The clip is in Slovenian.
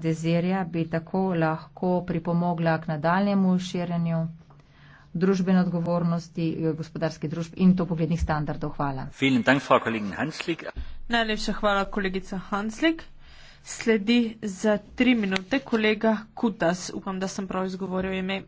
dezirja bi tako lahko pripomogla k nadaljemu širjenju družbene odgovornosti eh, gospodarskih družb in to poglednih standardov. Hvala. Najlepša hvala, kolegica Hanslik. Sledi za tri minute kolega Kutas. Upam, da sem prav izgovoril ime.